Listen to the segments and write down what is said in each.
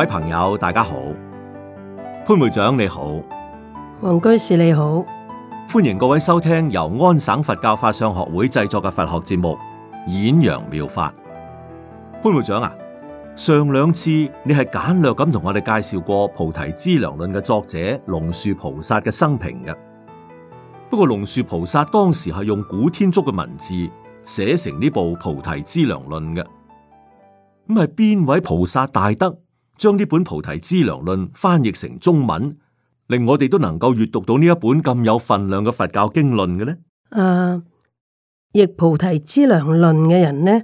各位朋友，大家好，潘會長你好，黃居士你好，歡迎各位收聽由安省佛教法相學會製作嘅佛學節目《演揚妙，妙法》。潘會長啊，上兩次你係簡略咁同我哋介紹過《菩提資糧論》嘅作者龍樹菩薩嘅生平嘅，不過龍樹菩薩當時係用古天竺嘅文字寫成呢部《菩提資糧論》嘅，咁係邊位菩薩大德？將呢本《菩提資糧論》翻譯成中文，令我哋都能夠閱讀到呢一本咁有份量嘅佛教經論嘅咧。誒、啊，譯《菩提資糧論》嘅人呢，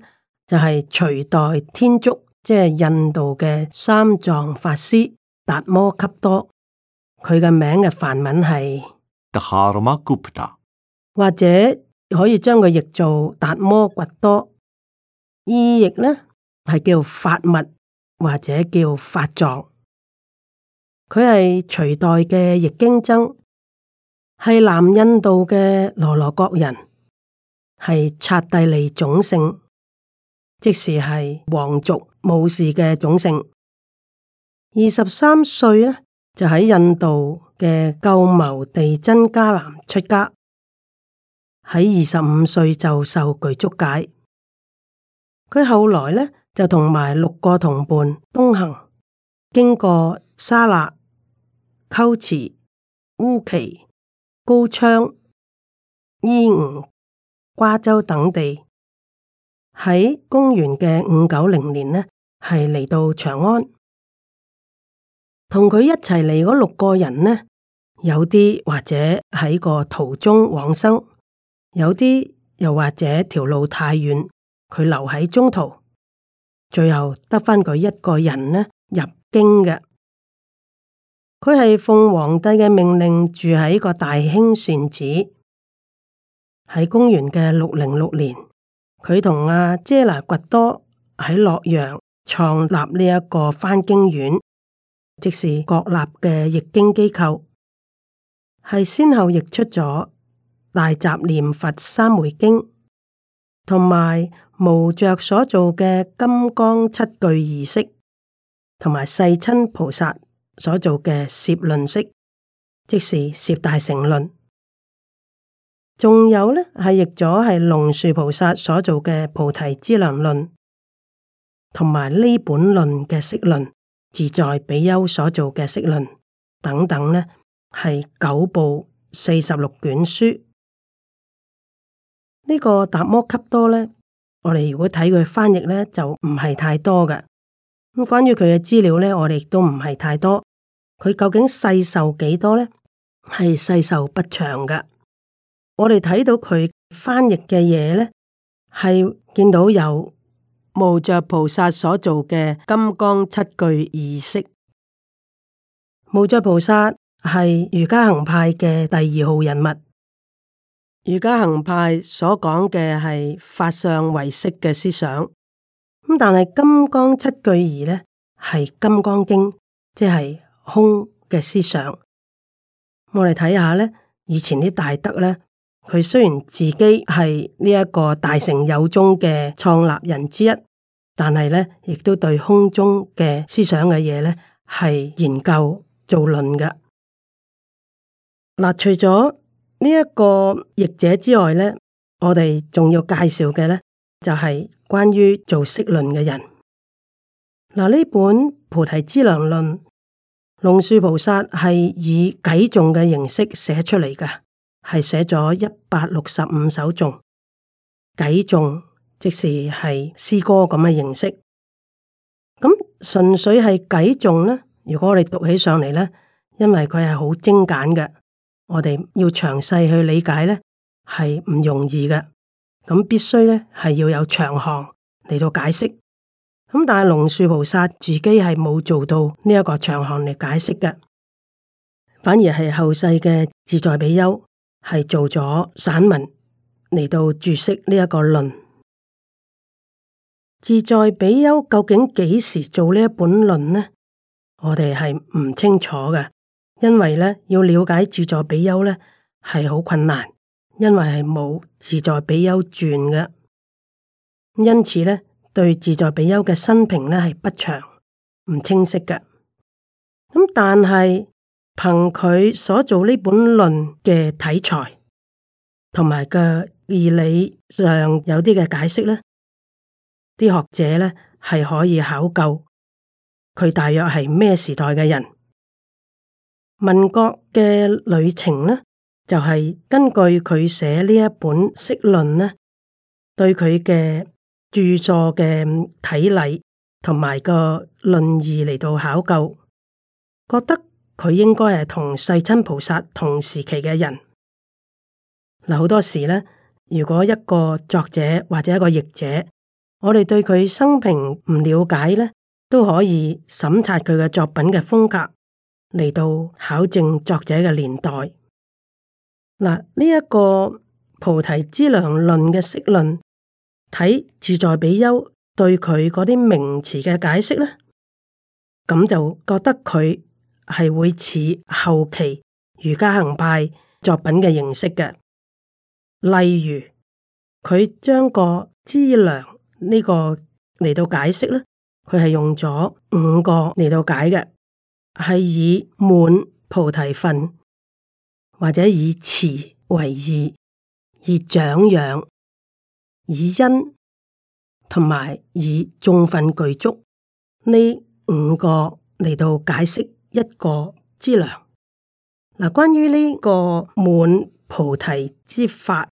就係、是、隋代天竺，即係印度嘅三藏法師達摩笈多，佢嘅名嘅梵文係 Dharmagupta，或者可以將佢譯做達摩笈多。意譯呢，係叫法物。或者叫法藏，佢係隋代嘅譯經僧，係南印度嘅羅羅國人，係剎帝利種姓，即是係皇族武士嘅種姓。二十三歲呢，就喺印度嘅鳩摩地真伽藍出家，喺二十五歲就受具足戒。佢後來呢。就同埋六個同伴東行，經過沙勒、溝池、烏旗、高昌、伊吾、瓜州等地，喺公元嘅五九零年呢，係嚟到長安同佢一齊嚟嗰六個人呢，有啲或者喺個途中往生，有啲又或者條路太遠，佢留喺中途。最後得返佢一個人呢，入京嘅，佢係奉皇帝嘅命令住喺個大興善寺。喺公元嘅六零六年，佢同阿姐拿掘多喺洛陽創立呢一個翻經院，即是國立嘅譯經機構，係先後譯出咗《大集念佛三昧經》。同埋無著所做嘅金剛七句儀式，同埋世親菩薩所做嘅攝論式，即是攝大乘論。仲有呢，係譯咗係龍樹菩薩所做嘅菩提資糧論，同埋呢本論嘅釋論，自在比丘所做嘅釋論等等呢，係九部四十六卷書。呢個達摩笈多咧，我哋如果睇佢翻譯咧，就唔係太多嘅。咁關於佢嘅資料咧，我哋亦都唔係太多。佢究竟世壽幾多咧？係世壽不長嘅。我哋睇到佢翻譯嘅嘢咧，係見到有無着菩薩所做嘅金剛七具儀式。無着菩薩係瑜伽行派嘅第二號人物。瑜伽行派所講嘅係法相唯識嘅思想，咁但係金剛七句儀咧係金剛經，即係空嘅思想。我哋睇下咧，以前啲大德咧，佢雖然自己係呢一個大乘有宗嘅創立人之一，但係咧亦都對空宗嘅思想嘅嘢咧係研究造論嘅。嗱，除咗。呢一個譯者之外咧，我哋仲要介紹嘅咧，就係關於做釋論嘅人。嗱，呢本《菩提資糧論》，龍樹菩薩係以偈頌嘅形式寫出嚟嘅，係寫咗一百六十五首頌，偈頌，即是係詩歌咁嘅形式。咁純粹係偈頌咧，如果我哋讀起上嚟咧，因為佢係好精簡嘅。我哋要詳細去理解咧，係唔容易嘅，咁必須咧係要有長行嚟到解釋。咁但係龍樹菩薩自己係冇做到呢一個長行嚟解釋嘅，反而係後世嘅自在比丘係做咗散文嚟到注釋呢一個論。自在比丘究竟幾時做呢一本論呢？我哋係唔清楚嘅。因為咧要了解自在比丘咧係好困難，因為係冇自在比丘傳嘅，因此咧對自在比丘嘅生平咧係不詳唔清晰嘅。咁但係憑佢所做呢本論嘅題材同埋嘅義理上有啲嘅解釋咧，啲學者咧係可以考究佢大約係咩時代嘅人。民國嘅旅程呢，就係、是、根據佢寫呢一本釋論呢，對佢嘅著作嘅體例同埋個論義嚟到考究，覺得佢應該係同世親菩薩同時期嘅人。嗱，好多時呢，如果一個作者或者一個譯者，我哋對佢生平唔了解呢，都可以審察佢嘅作品嘅風格。嚟到考證作者嘅年代，嗱，呢一個菩提資糧論嘅釋論，睇自在比丘對佢嗰啲名詞嘅解釋咧，咁就覺得佢係會似後期瑜伽行派作品嘅形式嘅，例如佢將個資糧呢個嚟到解釋咧，佢係用咗五個嚟到解嘅。係以滿菩提分，或者以慈為義，以長養，以因，同埋以眾分具足呢五個嚟到解釋一個資糧。嗱，關於呢個滿菩提之法，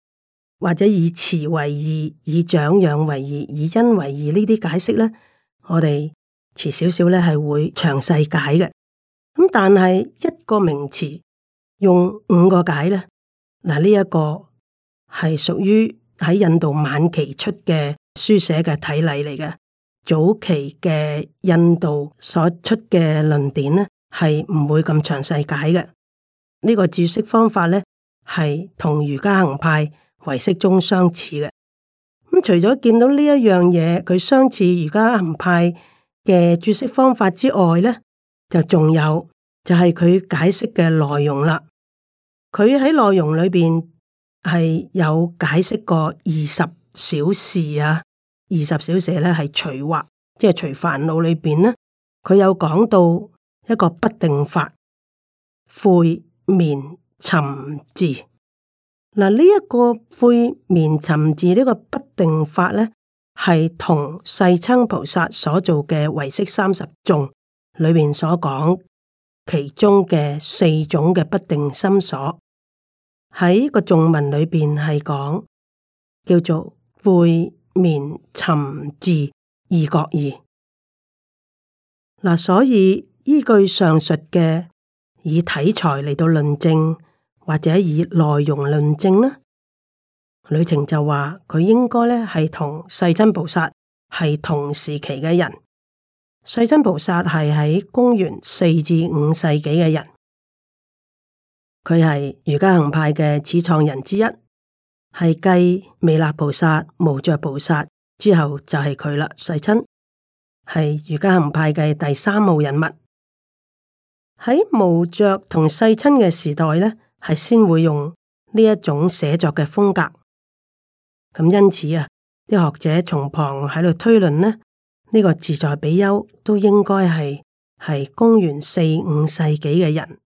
或者以慈為義，以長養為義，以因為義呢啲解釋咧，我哋遲少少咧係會詳細解嘅。咁但係一個名詞用五個解咧，嗱呢一個係屬於喺印度晚期出嘅書寫嘅體例嚟嘅，早期嘅印度所出嘅論點咧係唔會咁詳細解嘅，呢、這個注釋方法咧係同瑜伽行派唯識宗相似嘅。咁、嗯、除咗見到呢一樣嘢，佢相似瑜伽行派嘅注釋方法之外咧。就仲有就係佢解釋嘅內容啦。佢喺內容裏邊係有解釋過二十小隨啊，二十小隨咧係除惑，即係除煩惱裏邊呢。佢有講到一個不定法，悔眠尋伺。嗱，呢一個悔眠尋伺呢個不定法咧，係同世親菩薩所做嘅唯識三十頌，裏面所講，其中嘅四種嘅不定心所，喺個頌文裏邊係講叫做悔眠尋伺二各二。嗱，所以依據上述嘅以體裁嚟到論證，或者以內容論證呢，呂澂就話佢應該咧係同世親菩薩係同時期嘅人。世親菩薩係喺公元四至五世紀嘅人，佢係瑜伽行派嘅始創人之一，係繼彌勒菩薩、無著菩薩之後就係佢啦。世親係瑜伽行派嘅第三號人物。喺無著同世親嘅時代咧，係先會用呢一種寫作嘅風格。咁因此啊，啲學者從旁喺度推論呢。呢個自在比丘都應該係係公元四五世紀嘅人。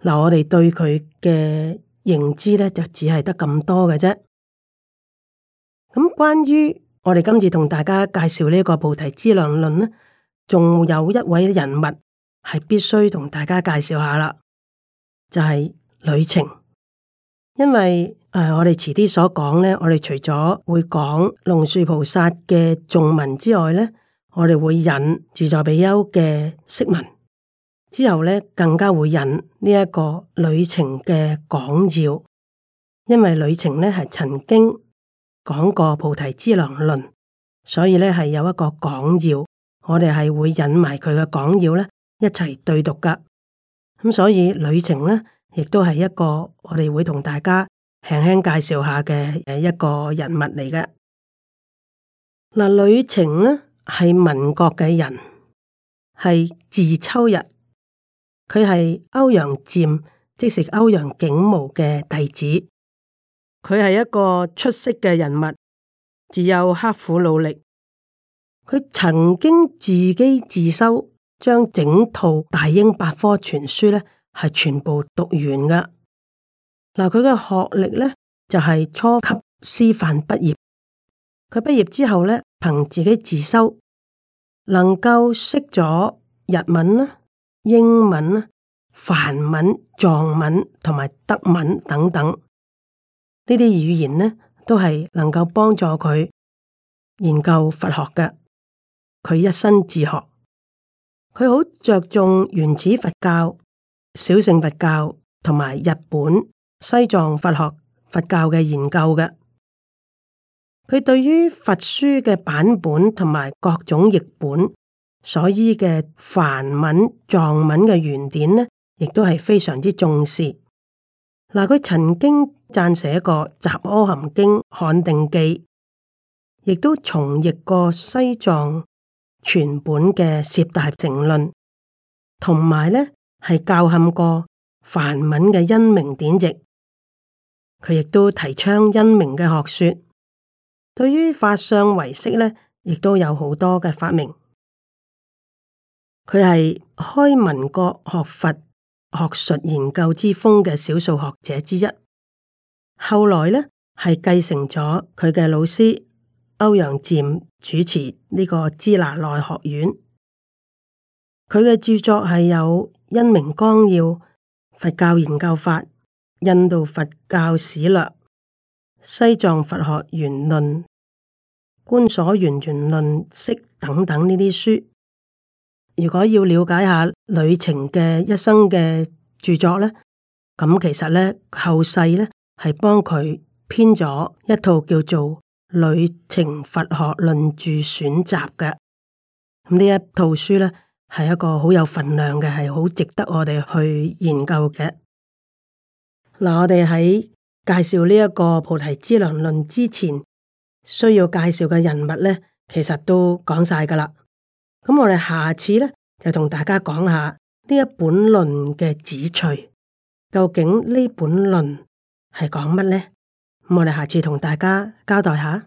嗱、嗯，我哋對佢嘅認知咧就只係得咁多嘅啫。咁、嗯、關於我哋今次同大家介紹呢、這個菩提資糧論咧，仲有一位人物係必須同大家介紹下啦，就係、是、呂澂，因為。誒，我哋遲啲所講咧，我哋除咗會講龍樹菩薩嘅頌文之外咧，我哋會引《自在比丘》嘅釋文，之後咧更加會引呢一個旅程嘅講要，因為旅程咧係曾經講過《菩提資糧論》，所以咧係有一個講要，我哋係會引埋佢嘅講要咧一齊對讀噶。咁、嗯、所以旅程咧亦都係一個我哋會同大家。輕輕介紹下嘅誒，一個人物嚟嘅。嗱，呂澄呢係民國嘅人，係字秋日，佢係歐陽漸，即係歐陽竟無嘅弟子。佢係一個出色嘅人物，自幼刻苦努力。佢曾經自己自修，將整套《大英百科全書》呢係全部讀完嘅。嗱，佢嘅學歷咧就係、是、初級師範畢業。佢畢業之後咧，憑自己自修，能夠識咗日文啦、英文啦、梵文、藏文同埋德文等等呢啲語言咧，都係能夠幫助佢研究佛學嘅。佢一生自學，佢好着重原始佛教、小乘佛教同埋日本。西藏佛學佛教嘅研究嘅，佢對於佛書嘅版本同埋各種譯本所依嘅梵文、藏文嘅原典呢，亦都係非常之重視。嗱，佢曾經撰寫過《雜阿含經》《刊定記》，亦都重譯過西藏全本嘅《攝大乘論》，同埋呢係校勘過梵文嘅因明典籍。佢亦都提倡因明嘅學說，對於法相唯識呢，亦都有好多嘅發明。佢係開民國學佛學術研究之風嘅少數學者之一。後來呢，係繼承咗佢嘅老師歐陽漸，主持呢個支那內學院。佢嘅著作係有《因明光耀》《佛教研究法》。印度佛教史略、西藏佛學原論、觀所緣緣論釋等等呢啲書，如果要了解下呂澄嘅一生嘅著作咧，咁其實咧後世咧係幫佢編咗一套叫做《呂澄佛學論著選集》嘅，咁呢一套書咧係一個好有分量嘅，係好值得我哋去研究嘅。嗱，我哋喺介紹呢一個菩提資糧論之前，需要介紹嘅人物咧，其實都講晒噶啦。咁我哋下次咧就同大家講下呢一本論嘅旨趣。究竟呢本論係講乜咧？咁我哋下次同大家交代下。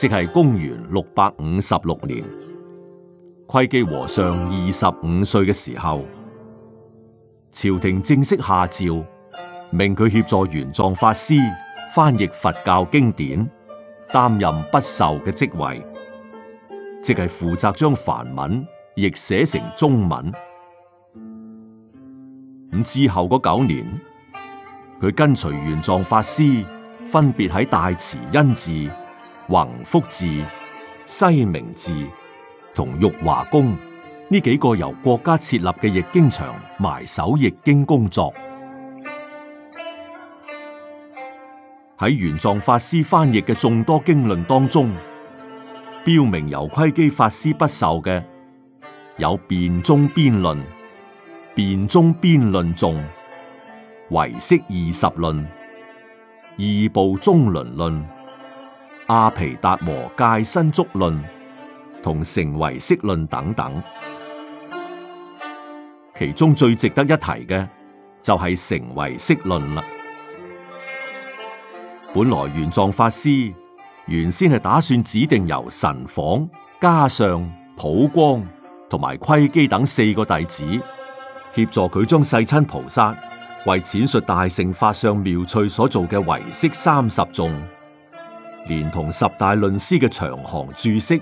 即係公元六百五十六年，窺基和尚二十五歲嘅時候，朝廷正式下詔，命佢協助玄奘法師翻譯佛教經典，擔任筆受嘅職位，即係負責將梵文譯寫成中文。咁之後嗰九年，佢跟隨玄奘法師，分別喺大慈恩寺。弘福寺、西明寺同玉華宮呢幾個由國家設立嘅譯經場埋首譯經工作。喺玄奘法師翻譯嘅眾多經論當中，標明由窺基法師筆受嘅有辯辯《辯中邊論》、《辯中邊論頌》、《唯識二十論》、《異部宗輪論》、《阿毗達磨界身足論》同《成唯識論》等等，其中最值得一提嘅就係、是《成唯識論》啦。本來玄奘法師原先係打算指定由神昉、嘉尚、普光同埋窺基等四個弟子協助佢將世親菩薩為闡述大乘法相妙趣所做嘅唯識三十頌。連同十大論師嘅長行注釋，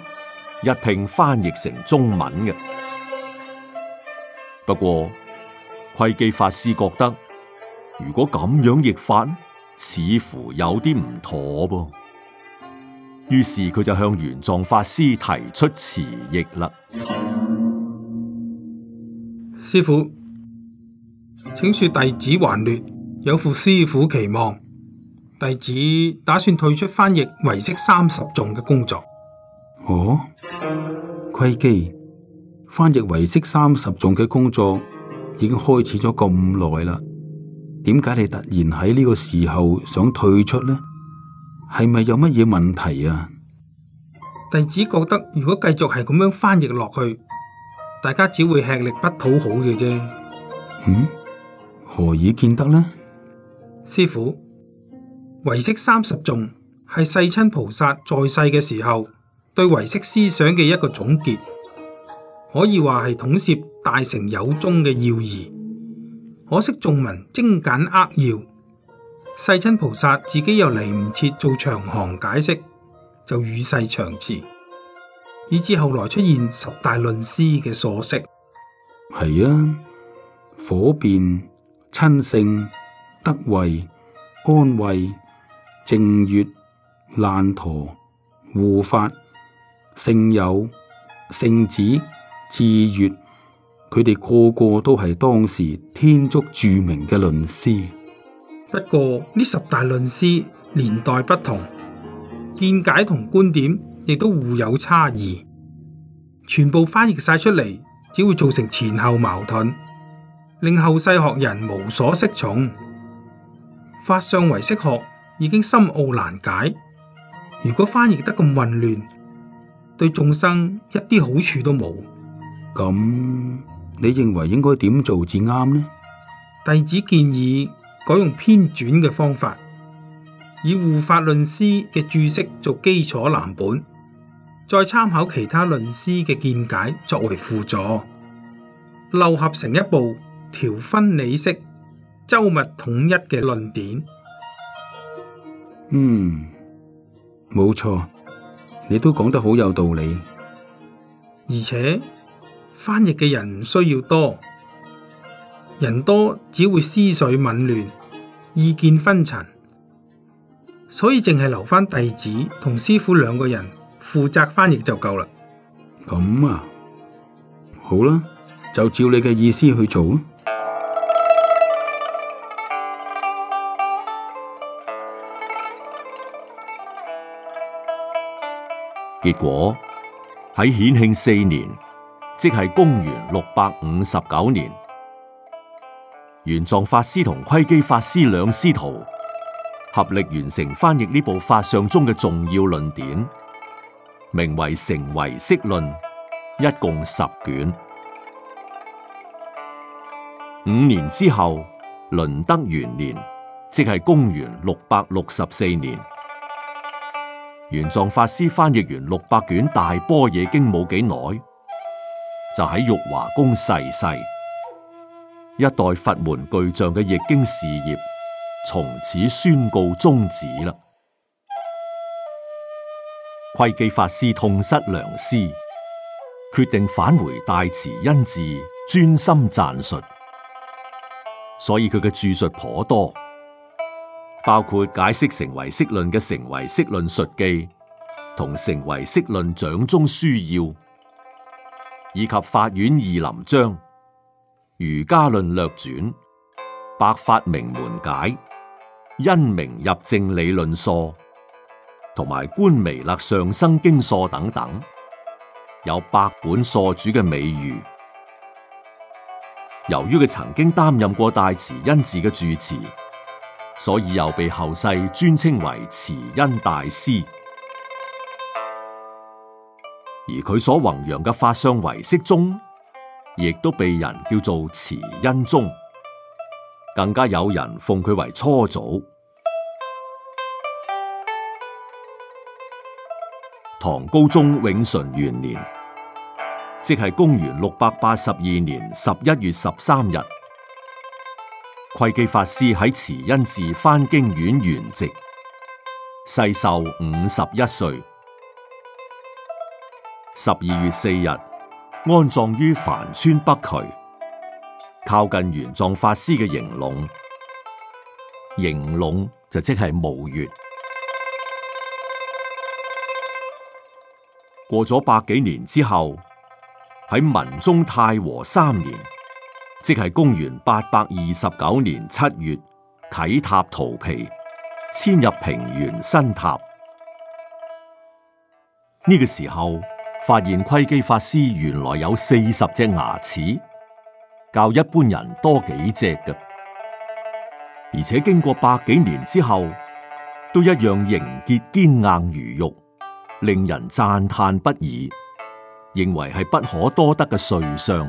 一併翻譯成中文嘅。不過，窺基法師覺得如果咁樣譯法，似乎有啲唔妥噃、哦。於是佢就向玄奘法師提出辭譯啦。師父，請恕弟子頑劣，有負師父期望。弟子打算退出翻譯唯識三十頌嘅工作。哦，窺基翻譯唯識三十頌嘅工作已經開始咗咁耐啦，點解你突然喺呢個時候想退出呢？係咪有乜嘢問題啊？弟子覺得如果繼續係咁樣翻譯落去，大家只會吃力不討好嘅啫。嗯，何以見得呢？師父。唯識三十種係世親菩薩在世嘅時候，對唯識思想嘅一個總結，可以話係統攝大乘有宗嘅要義。可惜眾文精簡扼要，世親菩薩自己又嚟唔切，做長行解釋，就與世長辭，以至後來出現十大論師嘅所識。係啊，火辨、親性、德慧、安慧。正月、難陀、護法、聖友、聖子、智月，佢哋個個都係當時天竺著名嘅論師。不過呢十大論師年代不同，見解同觀點亦都互有差異，全部翻譯晒出嚟，只會造成前後矛盾，令後世學人無所適從。法相為識學已經深奧難解，如果翻譯得咁混亂，對眾生一啲好處都冇。咁你認為應該點做至啱呢？弟子建議改用編纂嘅方法，以護法論師嘅注釋做基礎藍本，再參考其他論師嘅見解作為輔助，糅合成一部條分理析、周密統一嘅論點。嗯，冇錯，你都講得好有道理。而且翻譯嘅人唔需要多，人多只會思緒紊亂，意見紛陳，所以淨係留返弟子同師傅兩個人負責翻譯就夠啦。咁啊，好啦，就照你嘅意思去做啊。結果喺顯慶四年，即係公元六百五十九年，玄奘法師同窺基法師兩師徒合力完成翻譯呢部法相宗嘅重要論典，名為《成唯識論》，一共十卷。五年之後，麟德元年，即係公元六百六十四年。玄奘法師翻譯完六百卷大般若經冇幾耐，就喺玉華宮逝世。一代佛門巨匠嘅譯經事業從此宣告終止啦。窺基法師痛失良師，決定返回大慈恩寺專心撰述，所以佢嘅著述頗多。包括解釋成唯識論嘅《成唯識論述記》同《成唯識論掌中樞要》，以及《法苑義林章》、《瑜伽論略纂》、《百法明門解》、《因明入正理論疏》同埋《觀彌勒上生經疏》等等，有百本疏主嘅美譽。由於佢曾經擔任過大慈恩寺嘅住持。所以又被後世尊稱為慈恩大師，而佢所弘揚嘅法相唯識宗，亦都被人叫做慈恩宗。更加有人奉佢為初祖。唐高宗永淳元年，即係公元六百八十二年十一月十三日。窺基法師喺慈恩寺翻經院圓寂，世壽五十一歲。十二月四日安葬於樊村北渠，靠近玄奘法師嘅營壟。營壟就即係墓穴。過咗百幾年之後，喺文宗太和三年。即係公元八百二十九年七月，啟塔荼毗，遷入平原新塔。呢、這個時候發現窺基法師原來有四十隻牙齒，較一般人多幾隻嘅，而且經過百幾年之後，都一樣凝結堅硬如玉，令人讚嘆不已，認為係不可多得嘅瑞相。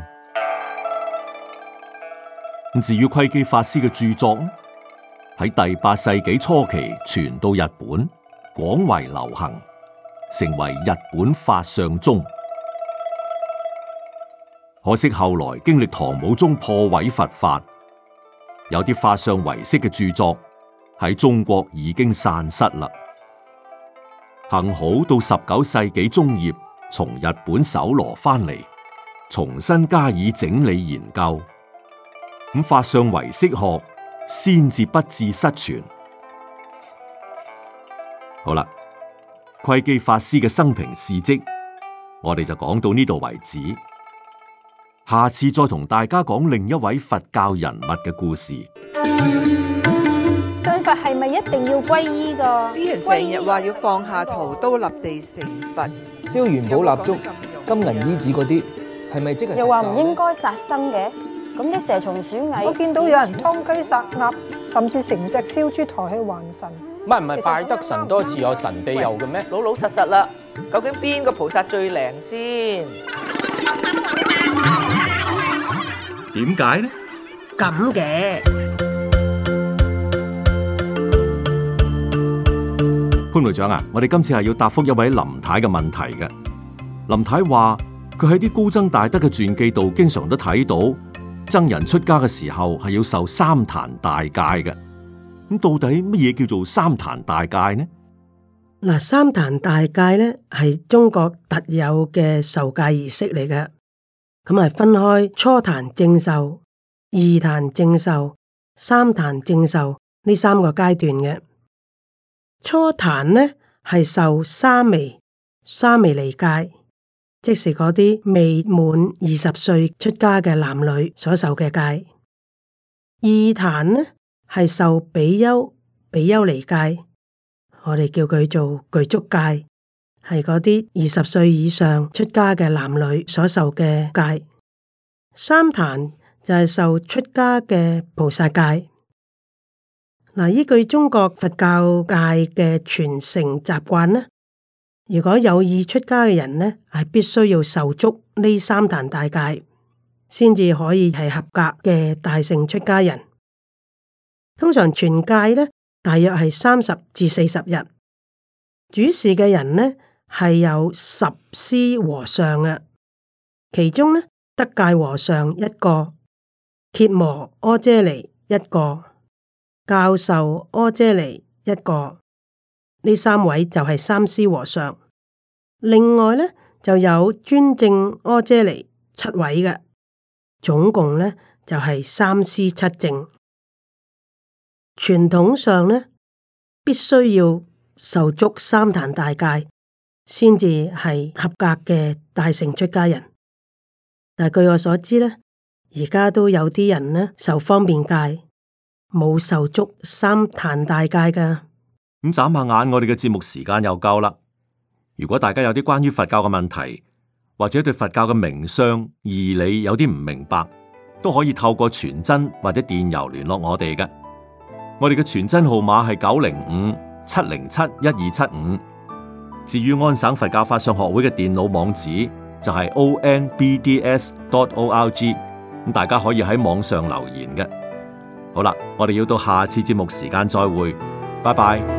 至於窺基法師嘅著作，喺第八世紀初期傳到日本，廣為流行，成為日本法相宗。可惜後來經歷唐武宗破毀佛法，有啲法相遺式嘅著作喺中國已經散失啦。幸好到十九世紀中葉，從日本搜羅翻嚟，重新加以整理研究。咁法相唯識學，先至不致失傳。好啦，窺基法師嘅生平事蹟，我哋就講到呢度為止。下次再同大家講另一位佛教人物嘅故事。信佛係咪一定要皈依㗎？啲人成日話要放下屠刀立地成佛，燒元寶蠟燭、金銀衣紙嗰啲，係咪即係又話唔應該殺生嘅？咁啲蛇蟲鼠蟻，我見到有人劏雞殺鴨，甚至成隻燒豬抬去還神。唔係唔係，拜得神多自有神庇佑嘅咩？老老實實啦，究竟邊個菩薩最靈先？點解呢？咁嘅潘隊長啊，我哋今次係要答覆一位林太嘅問題嘅。林太話佢喺啲高僧大德嘅傳記度，經常都睇到。僧人出家嘅時候係要受三壇大戒嘅，咁到底乜嘢叫做三壇大戒呢？嗱，三壇大戒咧，係中國特有嘅受戒儀式嚟嘅，咁係分開初壇正受、二壇正受、三壇正受呢三,三個階段嘅。初壇咧，係受沙彌、沙彌尼戒。即是嗰啲未滿二十歲出家嘅男女所受嘅戒。二壇呢係受比丘、比丘尼戒，我哋叫佢做具足戒，係嗰啲二十歲以上出家嘅男女所受嘅戒。三壇就係受出家嘅菩薩戒。嗱，依據中國佛教界嘅傳承習慣呢，如果有意出家嘅人呢，係必須要受足呢三壇大戒，先至可以係合格嘅大乘出家人。通常傳戒呢，大約係三十至四十日。主事嘅人呢，係有十師和尚嘅，其中呢，得戒和尚一個，羯磨阿闍黎一個，教授阿闍黎一個，呢三位就係三師和尚。另外咧，就有尊證阿闍黎七位嘅，總共咧就係、是、三師七證。傳統上咧，必須要受足三壇大戒，先至係合格嘅大乘出家人。但係據我所知咧，而家都有啲人咧受方便戒，冇受足三壇大戒噶。咁眨下眼，我哋嘅節目時間又夠啦。如果大家有啲關於佛教嘅問題，或者對佛教嘅名相、義理有啲唔明白，都可以透過傳真或者電郵聯絡我哋嘅。我哋嘅傳真號碼係九零五七零七一二七五，至於安省佛教法相學會嘅電腦網址就係 o n b d s dot o r g，咁大家可以喺網上留言嘅。好啦，我哋要到下次節目時間再會，拜拜。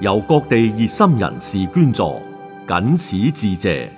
由各地熱心人士捐助，謹此致謝。